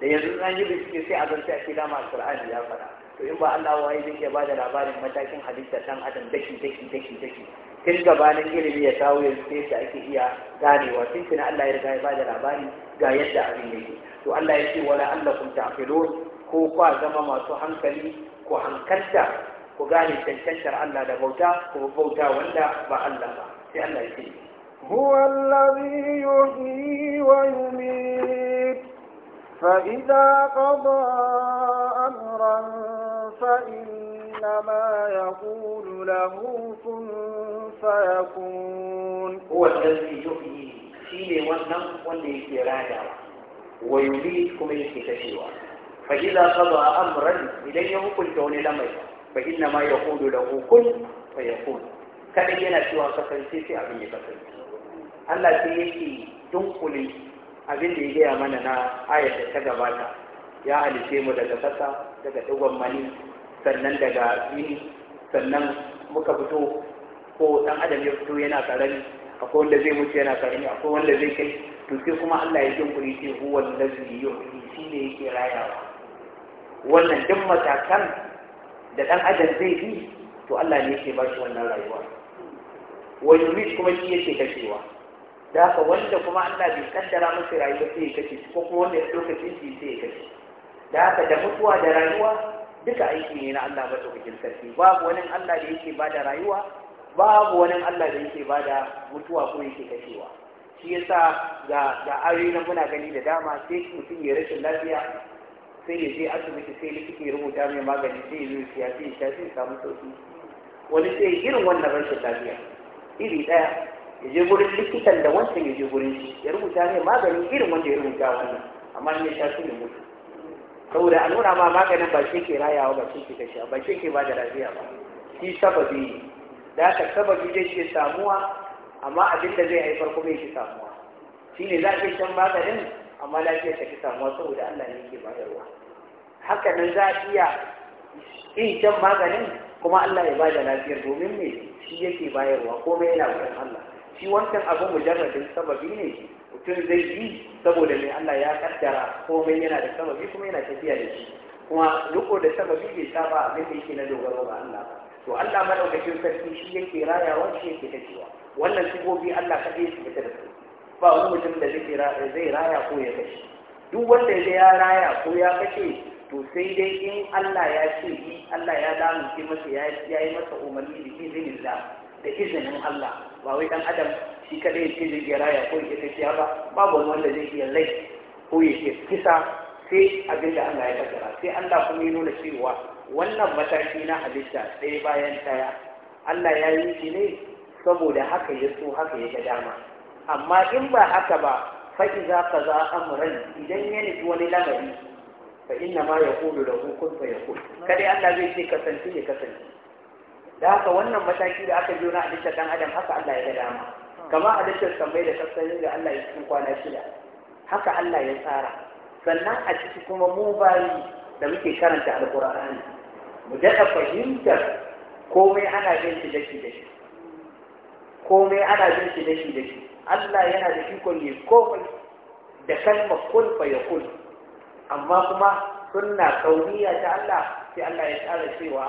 da yanzu an yi bincike sai a zance a ce dama alqur'ani ya faɗa to in ba Allah waye zai iya da labarin matakin halittar dan adam dakin dakin dakin dakin. tun gabanin ilimi ya kawo ya sai shi ake iya ganewa tun Allah ya riga ya bada labarin ga yadda abin yake to Allah ya ce wala allakum ta'qilun ko kwa zama masu hankali ko hankalta ku gane cancantar Allah da bauta ko bauta wanda ba Allah ba sai Allah ya ce فإذا قضى أمرا فإنما يقول له كن فيكون هو الذي يحيي شيء ونم واللي يراجع ويميت فإذا قضى أمرا إليه كل دون الأمر فإنما يقول له كن فيكون كان ينا شيء وكفر سيسي أبي يكفر الله سيكي تنقل abin da ya gaya mana na ayar da ta gabata ya halice mu daga ƙasa daga dugon mani sannan daga yini sannan muka fito ko ɗan adam ya fito yana ƙarami akwai wanda zai mutu yana ƙarami akwai wanda zai kai to sai kuma Allah ya jin kuri ce huwa allazi yuhyi shi ne yake rayawa wannan duk matakan da ɗan adam zai bi to Allah ne yake ba shi wannan rayuwa Wani yumit kuma shi yake kashewa da haka wanda kuma Allah bai kaddara masa rayuwa sai ya kashe ko kuma wanda ya lokacin shi sai ya kashe da haka da mutuwa da rayuwa duka aiki ne na Allah ba madaukakin sarki babu wani Allah da yake bada rayuwa babu wani Allah da yake bada mutuwa ko yake kashewa shi yasa ga ga ayoyi na muna gani da dama sai mutum ya rashin lafiya sai ya je asibiti sai likita ya rubuta mai magani sai ya zuwa ya ya sha sai ya samu sauki wani sai irin wannan rashin lafiya iri daya ya je gurin likitan da wancan ya je gurin shi ya rubuta ne maganin irin wanda ya rubuta wannan amma ne ya sha ne mutu saboda a nuna ma maganin ba shi ke rayawa ba shi ke kashe ba shi ke ba da lafiya ba shi sababi ne da aka sababi zai shi samuwa amma abin da zai haifar kuma ya shi samuwa shi ne za a iya shan maganin amma lafiyar ta fi samuwa saboda Allah ne ke bayarwa haka nan za a iya yin shan maganin kuma Allah ya ba da lafiyar domin me shi yake bayarwa komai yana wurin Allah shi wancan abin mujarradin sababi ne mutum zai yi saboda mai Allah ya kaddara komai yana da sababi kuma yana tafiya da shi kuma riko da sababi bai saba abin da yake na dogaro ga Allah to Allah madaukakin sarki shi yake rayawa shi yake tafiya wannan sigobi Allah kaɗai su fita da su ba wani mutum da zai raya ko ya kashe duk wanda zai ya raya ko ya kashe to sai dai in Allah ya ce Allah ya damu masa ya yi masa umarni da yi Allah da izinin Allah ba wai dan adam shi ya ce zai iya raya ko ya ce ya ba babu wanda zai iya lai ko ya ce kisa sai abin da Allah ya kaddara sai Allah kuma ya nuna cewa wannan mataki na halitta sai bayan daya Allah ya yi shi ne saboda haka ya so haka ya ga dama amma in ba haka ba fa iza kaza amran idan ya nufi wani lamari fa inna ma yaqulu lahu kun fa yaqul kada Allah zai ce kasance ya kasance da haka wannan mataki da aka biyo na halittar dan adam haka Allah ya ga dama kama a dukkan sammai da sassanin da Allah ya cikin kwana shida haka Allah ya tsara sannan a ciki kuma mu bayi da muke karanta alkur'ani mu daɗa fahimtar komai ana jin shi da shi, komai ana jin shi da shi. Allah yana da ikon ne komai da kalma kun fa kun, amma kuma sunna kauniya ta Allah sai Allah ya tsara cewa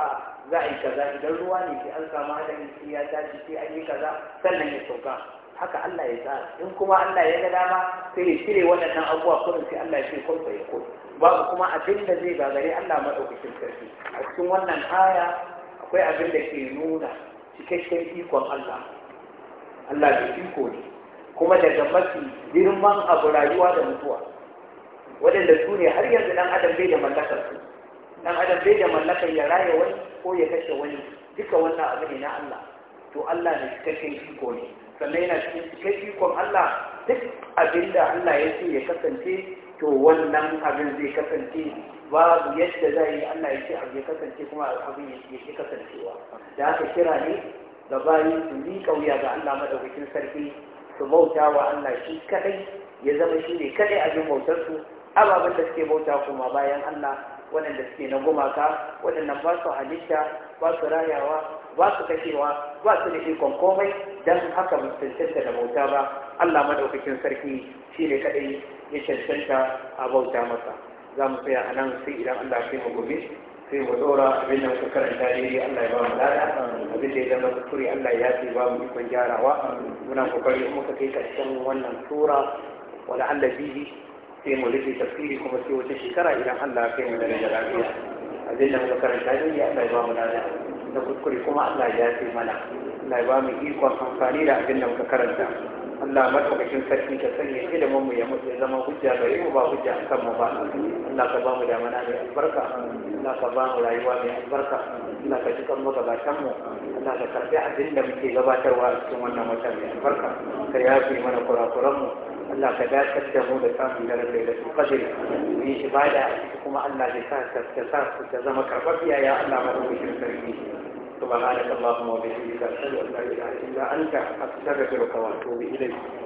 za a yi kaza idan ruwa ne sai an samu hadari ya tashi sai an yi kaza sannan ya sauka haka Allah ya tsara in kuma Allah ya ga dama sai ya cire waɗannan abubuwa kurin sai Allah ya ce kun ya ko babu kuma abin da zai gagare Allah maɗaukakin sarki a cikin wannan aya akwai abin da ke nuna cikakken ikon Allah Allah bai iko ne kuma daga mafi girman abu rayuwa da mutuwa waɗanda su ne har yanzu ɗan adam bai da mallakar su dan adam bai da mallakar ya raya wani ko ya kashe wani duka wannan abu ne na Allah to Allah ne cikakken iko ne sannan yana cikin cikakken ikon Allah duk abin da Allah ya ce ya kasance to wannan abin zai kasance babu yadda za yi Allah ya ce abu ya kasance kuma abin ya ce kasancewa da aka kira ne da bayan su ni kauya ga Allah madaukakin sarki su bauta wa Allah shi kadai ya zama shi ne kadai abin bautarsu ababen da suke bauta kuma bayan Allah waɗanda suke na gumaka waɗannan ba su halitta ba su rayawa ba su kashewa ba su da ikon komai don haka ba cancanta da bauta ba Allah maɗaukakin sarki shi ne kaɗai ya cancanta a bauta masa za mu tsaya a nan sai idan Allah ya mu gobe sai mu ɗora, abin da muka karanta ne Allah ya ba mu lada abin da ya zama kuskure Allah ya ce ba mu ikon gyarawa muna kokari muka kai karshen wannan tura wala Allah bihi sai mu rufe tafsiri kuma sai wata shekara idan Allah ya kai mu da lafiya abin da muka karanta ne ya Allah ya ba mu lafiya da kuskure kuma Allah ya yafe mana Allah ya ba mu ikon amfani da abin da muka karanta Allah madaukakin sarki ka sanya ilimin mu ya mutu ya zama hujja gare mu ba hujja kan mu ba Allah ka ba mu da mana mai albarka Allah ka ba mu rayuwa mai albarka Allah ka cikan mu gabatan mu Allah ka karbi abin da muke gabatarwa cikin wannan mutane mai albarka ka yafe mana kurakuran mu Allah ka dakatar da mu da samun daren lailatul qadr mu yi ibada a ciki kuma Allah ya sa ta sa ta zama karfafiya ya Allah madaukakin sarki سبحانك اللهم وبحمدك اشهد ان لا اله الا انت استغفرك واتوب